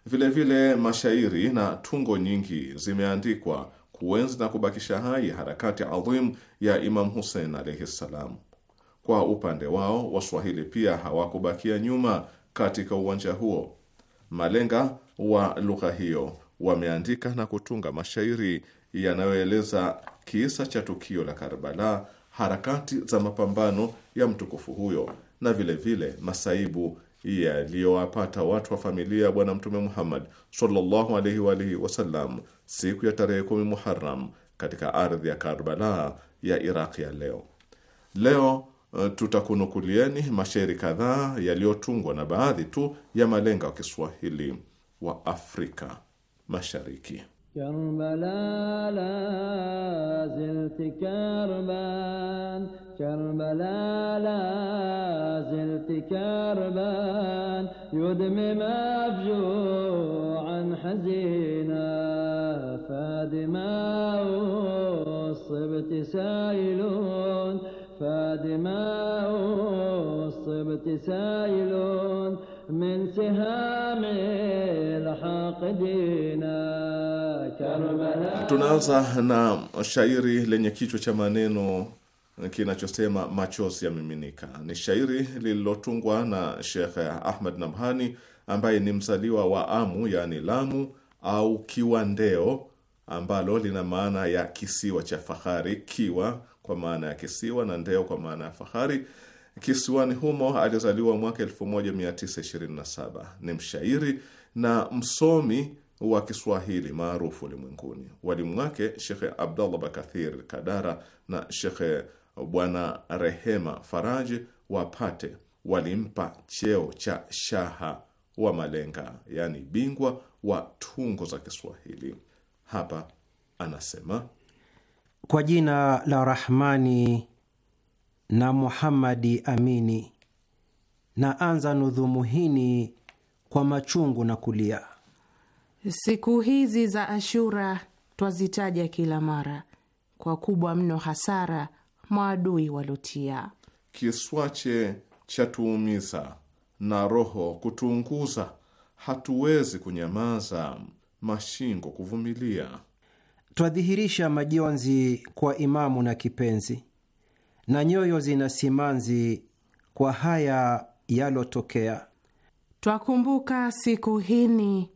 Vile vile mashairi na tungo nyingi zimeandikwa kuenzi na kubakisha hai harakati adhim ya Imam Hussein alayhi salam. Kwa upande wao Waswahili pia hawakubakia nyuma katika uwanja huo. Malenga wa lugha hiyo wameandika na kutunga mashairi yanayoeleza kisa cha tukio la Karbala, harakati za mapambano ya mtukufu huyo na vilevile vile masaibu yaliyowapata watu wa familia ya Bwana Mtume Muhammad sallallahu alaihi wa alihi wasallam siku ya tarehe kumi Muharram katika ardhi ya Karbala ya Iraq ya leo. Leo Eh, tutakunukulieni mashairi kadhaa yaliyotungwa na baadhi tu ya malenga wa Kiswahili wa Afrika Mashariki. Karbala la zilti karban, Karbala la zilti karban, yudmi mafjuan hazina, fadima usibti sailun فدماء الصبت سائل من سهام الحاقدين Tunaanza na shairi lenye kichwa cha maneno kinachosema machozi yamiminika. Ni shairi lililotungwa na Shekh Ahmad Nabhani ambaye ni mzaliwa wa Amu, yaani Lamu au Kiwandeo, ambalo lina maana ya kisiwa cha fahari, kiwa kwa maana ya kisiwa na Ndeo kwa maana ya fahari. Kisiwani humo alizaliwa mwaka 1927. Ni mshairi na msomi wa Kiswahili maarufu ulimwenguni. Walimu wake Shekhe Abdallah Bakathir Kadara na Shekhe Bwana Rehema Faraji Wapate walimpa cheo cha shaha wa malenga, yaani bingwa wa tungo za Kiswahili. Hapa anasema kwa jina la Rahmani na Muhammadi amini, naanza nudhumu hini kwa machungu na kulia. Siku hizi za Ashura twazitaja kila mara, kwa kubwa mno hasara maadui walotia. Kiswache chatuumiza na roho kutuunguza, hatuwezi kunyamaza, mashingo kuvumilia twadhihirisha majonzi kwa imamu na kipenzi, na nyoyo zina simanzi kwa haya yalotokea. Twakumbuka siku hini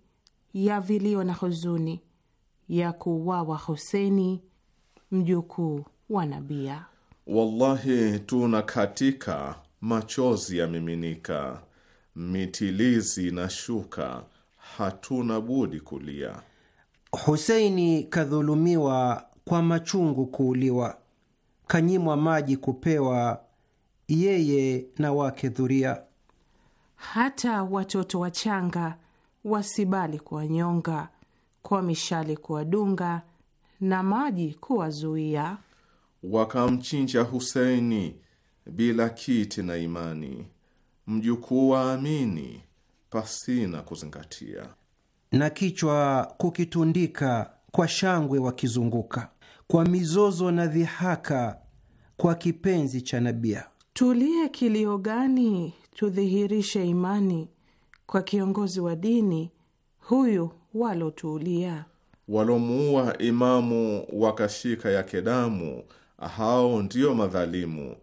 ya vilio na huzuni ya kuwawa Huseni mjukuu wa Nabia. Wallahi, tuna katika machozi yamiminika, mitilizi na shuka, hatuna budi kulia. Huseini kadhulumiwa kwa machungu, kuuliwa, kanyimwa maji kupewa, yeye na wake dhuria. Hata watoto wachanga wasibali kuwanyonga, kwa mishale kuwadunga, na maji kuwazuia. Wakamchinja Huseini bila kiti na imani, mjukuu wa Amini pasina kuzingatia na kichwa kukitundika, kwa shangwe wakizunguka, kwa mizozo na dhihaka, kwa kipenzi cha nabia. Tulie kilio gani, tudhihirishe imani kwa kiongozi wa dini huyu walotuulia, walomuua imamu wakashika yake damu, hao ndiyo madhalimu,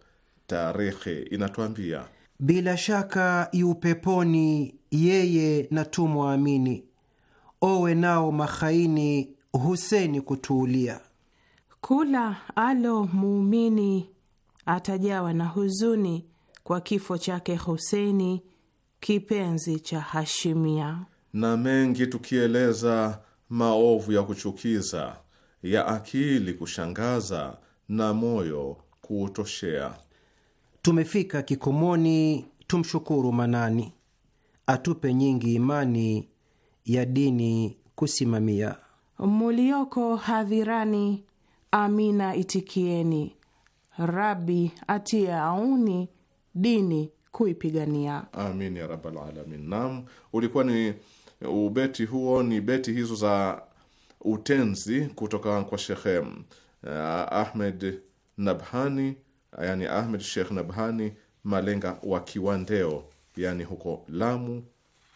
tarikhi inatwambia. Bila shaka yu peponi yeye na tumwaamini Owe nao mahaini Huseni kutuulia. Kula alo muumini atajawa na huzuni kwa kifo chake Huseni kipenzi cha Hashimia. Na mengi tukieleza maovu ya kuchukiza ya akili kushangaza na moyo kuutoshea. Tumefika kikomoni, tumshukuru Manani atupe nyingi imani ya dini kusimamia. Mulioko hadhirani, amina itikieni, Rabi atie auni dini kuipigania. Amin ya rabbal alamin. Naam, ulikuwa ni ubeti huo, ni beti hizo za utenzi kutoka kwa Shekhe uh, Ahmed Nabhani, yani Ahmed Sheikh Nabhani, malenga wa Kiwandeo, yani huko Lamu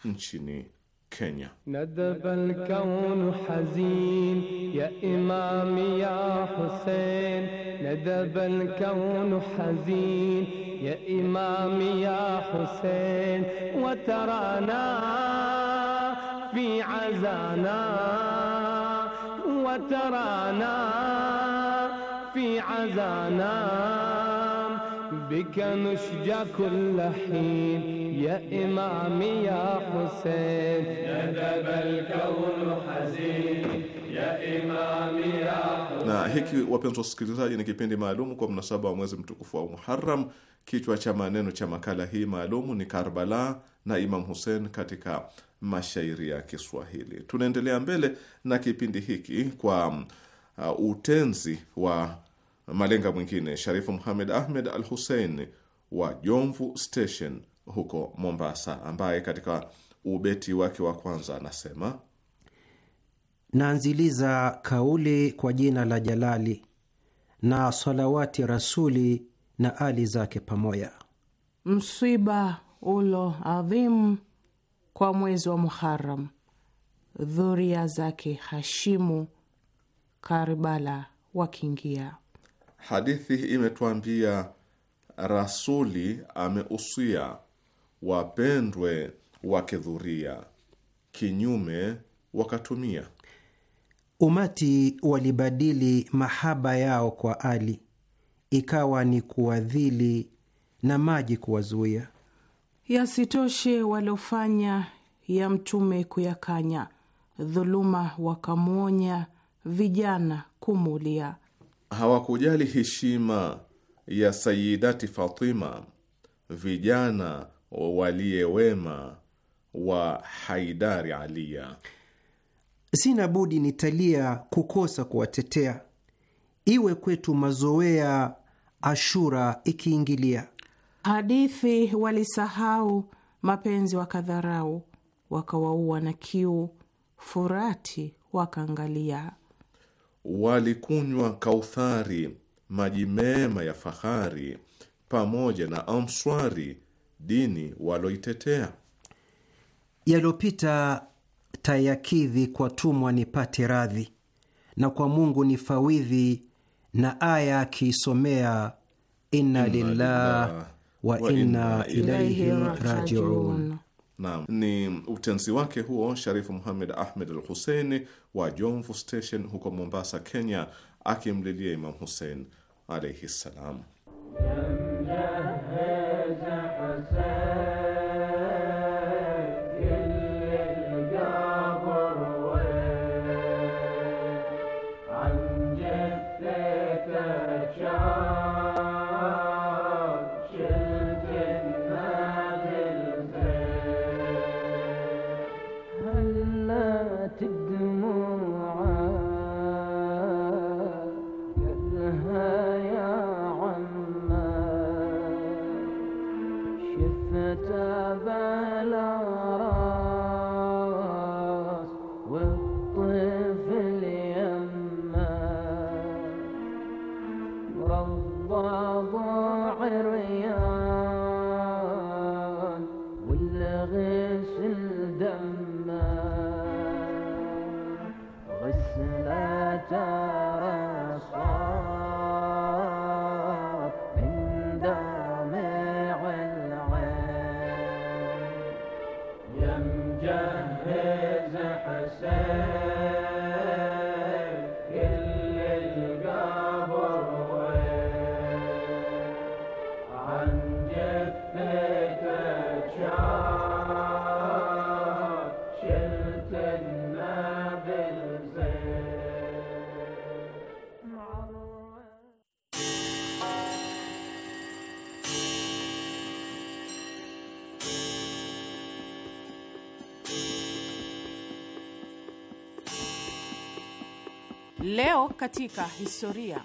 nchini كينيا ندب الكون حزين يا إمام يا حسين ندب الكون حزين يا إمام يا حسين وترانا في عزانا وترانا في عزانا بك نشجع كل حين يا إمامي يا حسين ندب الكون حزين na hiki wapenzi wasikilizaji, ni kipindi maalum kwa mnasaba wa mwezi mtukufu wa Muharram. Kichwa cha maneno cha makala hii maalumu ni Karbala na Imam Hussein katika mashairi ya Kiswahili. Tunaendelea mbele na kipindi hiki kwa uh, utenzi wa Malenga mwingine Sharifu Muhamed Ahmed Al Hussein wa Jomvu Station huko Mombasa, ambaye katika ubeti wake wa kwanza anasema: naanziliza kauli kwa jina la Jalali na salawati rasuli na ali zake pamoja. Msiba ulo adhimu kwa mwezi wa Muharam, dhuria zake Hashimu Karibala wakiingia hadithi imetuambia rasuli ameusia wapendwe wakidhuria, kinyume wakatumia. Umati walibadili mahaba yao kwa Ali, ikawa ni kuwadhili na maji kuwazuia. Yasitoshe waliofanya ya mtume kuyakanya, dhuluma wakamwonya, vijana kumuulia hawakujali heshima ya Sayidati Fatima, vijana waliyewema wa Haidari Aliya. Sina budi nitalia kukosa kuwatetea, iwe kwetu mazoea Ashura ikiingilia hadithi. Walisahau mapenzi, wakadharau, wakawaua na kiu, Furati wakaangalia walikunywa Kauthari, maji mema ya fahari, pamoja na amswari, dini waloitetea. Yaliyopita tayakidhi, kwa tumwa nipate radhi, na kwa Mungu ni fawidhi, na aya akiisomea inna lillah wa inna ilaihi rajiun. Naam, ni utenzi wake huo Sharifu Muhammad Ahmed al Huseini wa Jomvu Station huko Mombasa, Kenya, akimlilia Imam Hussein alaihi ssalam. تبلغ katika historia.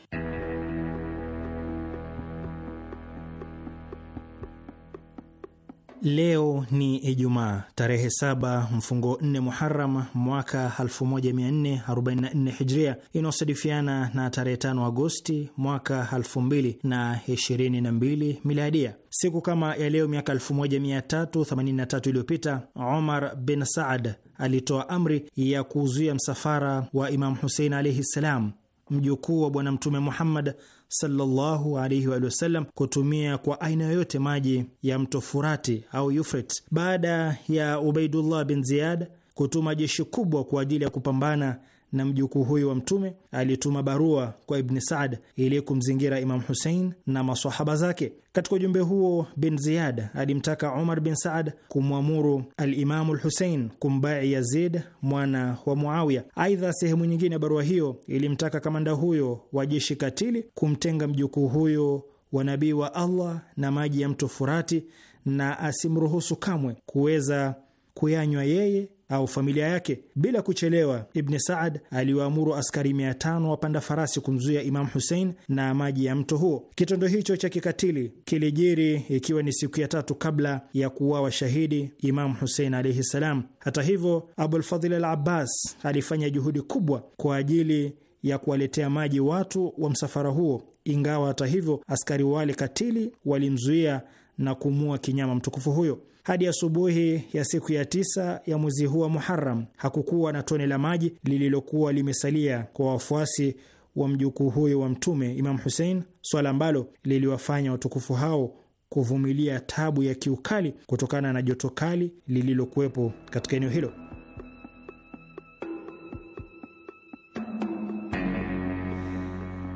Leo ni Ijumaa tarehe 7 mfungo 4 Muharam mwaka 1444 Hijria, inayosadifiana na tarehe 5 Agosti mwaka 2022 Miladia. Siku kama ya leo miaka 1383 iliyopita Omar bin Saad alitoa amri ya kuzuia msafara wa imamu Husein alaihi ssalam mjukuu wa Bwana Mtume Muhammad sallallahu alaihi wa sallam kutumia kwa aina yoyote maji ya mto Furati au Yufrit. baada ya Ubaidullah bin Ziyad kutuma jeshi kubwa kwa ajili ya kupambana na mjukuu huyo wa Mtume alituma barua kwa Ibni Saad ili kumzingira Imam Husein na masahaba zake. Katika ujumbe huo, Bin Ziyad alimtaka Umar bin Saad kumwamuru Alimamu Lhusein kumbai Yazid mwana wa Muawiya. Aidha, sehemu nyingine ya barua hiyo ilimtaka kamanda huyo wa jeshi katili kumtenga mjukuu huyo wa nabii wa Allah na maji ya mto Furati na asimruhusu kamwe kuweza kuyanywa yeye au familia yake. Bila kuchelewa, Ibni Saad aliwaamuru askari mia tano wapanda farasi kumzuia Imamu Husein na maji ya mto huo. Kitendo hicho cha kikatili kilijiri ikiwa ni siku ya tatu kabla ya kuuawa shahidi Imamu Husein alaihi ssalam Hata hivyo, Abulfadhil al Abbas alifanya juhudi kubwa kwa ajili ya kuwaletea maji watu wa msafara huo, ingawa hata hivyo askari wale katili walimzuia na kumua kinyama mtukufu huyo. Hadi asubuhi ya siku ya tisa ya mwezi huu wa muharam hakukuwa na tone la maji lililokuwa limesalia kwa wafuasi wa mjukuu huyo wa Mtume Imam husein swala ambalo liliwafanya watukufu hao kuvumilia tabu ya kiukali kutokana na joto kali lililokuwepo katika eneo hilo.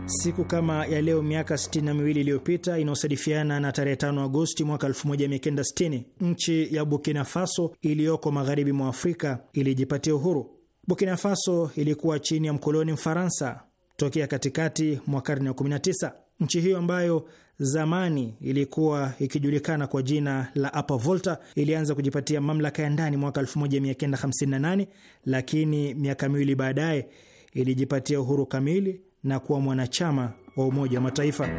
Siku kama ya leo miaka 6 miwili iliyopita inayosadifiana na tarehe 5 Agosti mwaka 1960 nchi ya Burkina Faso iliyoko magharibi mwa Afrika ilijipatia uhuru. Burkina Faso ilikuwa chini ya mkoloni Mfaransa tokea katikati mwa karne ya 19. Nchi hiyo ambayo zamani ilikuwa ikijulikana kwa jina la Upper Volta ilianza kujipatia mamlaka ya ndani mwaka 1958, lakini miaka miwili baadaye ilijipatia uhuru kamili na kuwa mwanachama wa Umoja wa Mataifa.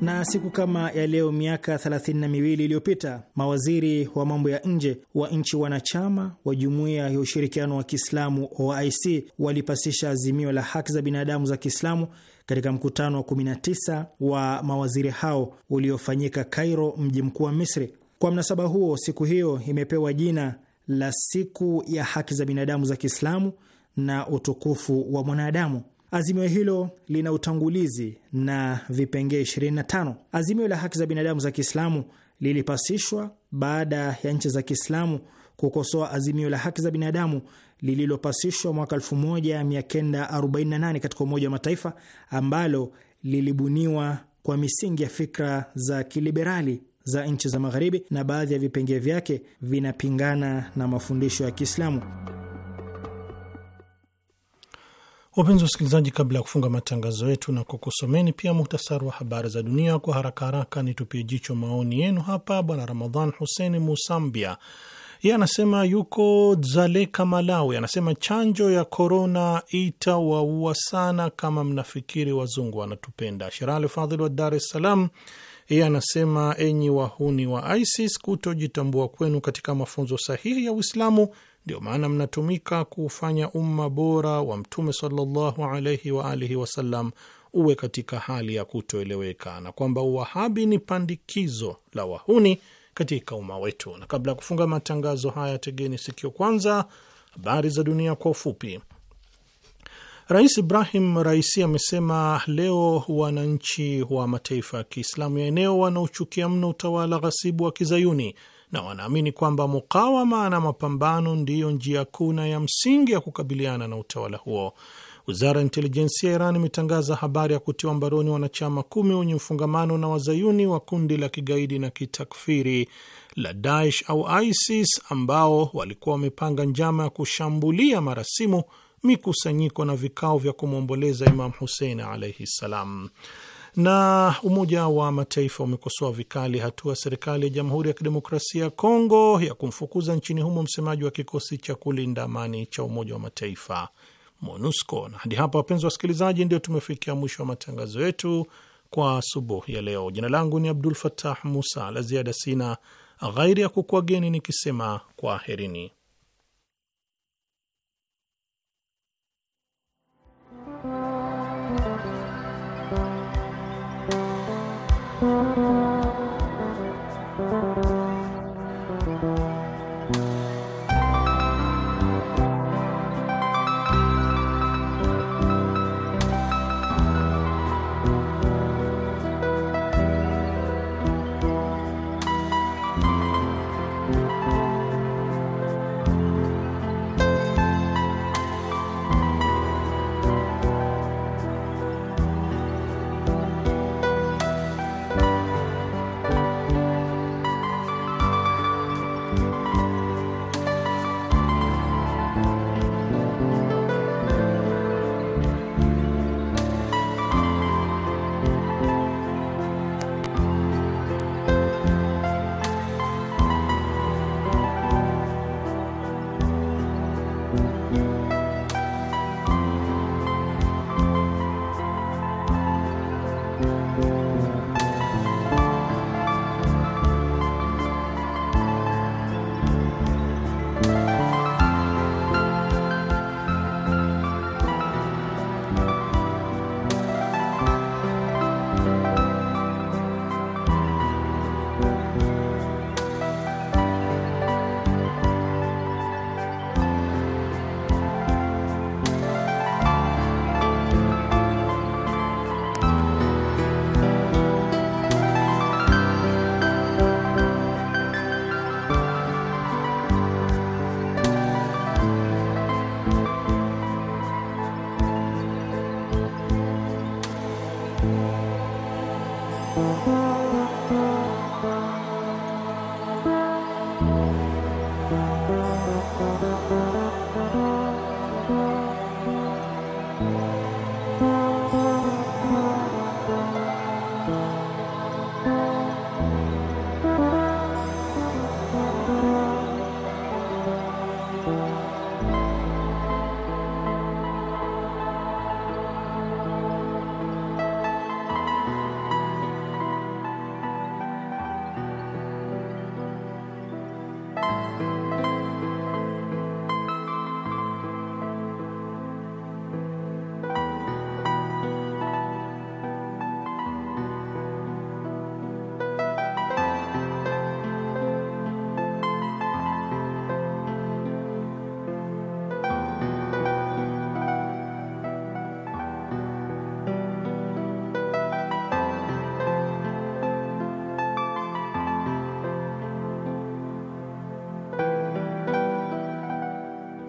na siku kama ya leo miaka thelathini na miwili iliyopita mawaziri wa mambo ya nje wa nchi wanachama wa Jumuiya ya Ushirikiano wa Kiislamu OIC walipasisha azimio la haki za binadamu za Kiislamu katika mkutano wa 19 wa mawaziri hao uliofanyika Cairo, mji mkuu wa Misri. Kwa mnasaba huo, siku hiyo imepewa jina la siku ya haki za binadamu za Kiislamu na utukufu wa mwanadamu. Azimio hilo lina utangulizi na vipengee 25. Azimio la haki za binadamu za Kiislamu lilipasishwa baada ya nchi za Kiislamu kukosoa azimio la haki za binadamu lililopasishwa mwaka 1948 katika Umoja wa Mataifa ambalo lilibuniwa kwa misingi ya fikra za kiliberali za nchi za Magharibi na baadhi ya vipengee vyake vinapingana na mafundisho ya Kiislamu. Wapenzi wasikilizaji, kabla ya kufunga matangazo yetu na kukusomeni pia muhtasari wa habari za dunia kwa haraka haraka, nitupie jicho maoni yenu hapa. Bwana Ramadhan husen Musambia yeye anasema yuko zaleka Malawi. Anasema chanjo ya korona itawaua sana kama mnafikiri wazungu wanatupenda. Shirali Fadhili wa Dar es Salaam yeye anasema, enyi wahuni wa ISIS, kutojitambua kwenu katika mafunzo sahihi ya Uislamu ndio maana mnatumika kuufanya umma bora wa Mtume sallallahu alaihi wa alihi wasallam uwe katika hali ya kutoeleweka, na kwamba uwahabi ni pandikizo la wahuni katika umma wetu. Na kabla ya kufunga matangazo haya, tegeni sikio kwanza habari za dunia kwa ufupi. Rais Ibrahim Raisi amesema leo wananchi wa mataifa ya Kiislamu ya eneo wanaochukia mno utawala ghasibu wa kizayuni na wanaamini kwamba mukawama na mapambano ndiyo njia kuu na ya msingi ya kukabiliana na utawala huo. Wizara ya intelijensia ya Iran imetangaza habari ya kutiwa mbaroni wanachama kumi wenye mfungamano na wazayuni wa kundi la kigaidi na kitakfiri la Daesh au ISIS ambao walikuwa wamepanga njama ya kushambulia marasimu mikusanyiko na vikao vya kumwomboleza Imam Husein alaihi ssalam. Na Umoja wa Mataifa umekosoa vikali hatua serikali ya Jamhuri ya Kidemokrasia ya Kongo ya kumfukuza nchini humo msemaji wa kikosi cha kulinda amani cha Umoja wa Mataifa MONUSCO. Na hadi hapa, wapenzi wa wasikilizaji, ndio tumefikia mwisho wa matangazo yetu kwa asubuhi ya leo. Jina langu ni Abdul fatah Musa. La ziada sina ghairi ya kukuageni nikisema kwaherini.